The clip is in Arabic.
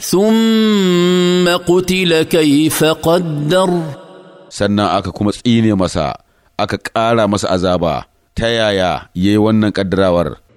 ثم قتل كيف قدر سنة أكا كمس إيني مسا أكا كارا مسا أزابا تيايا يي ونن قدرا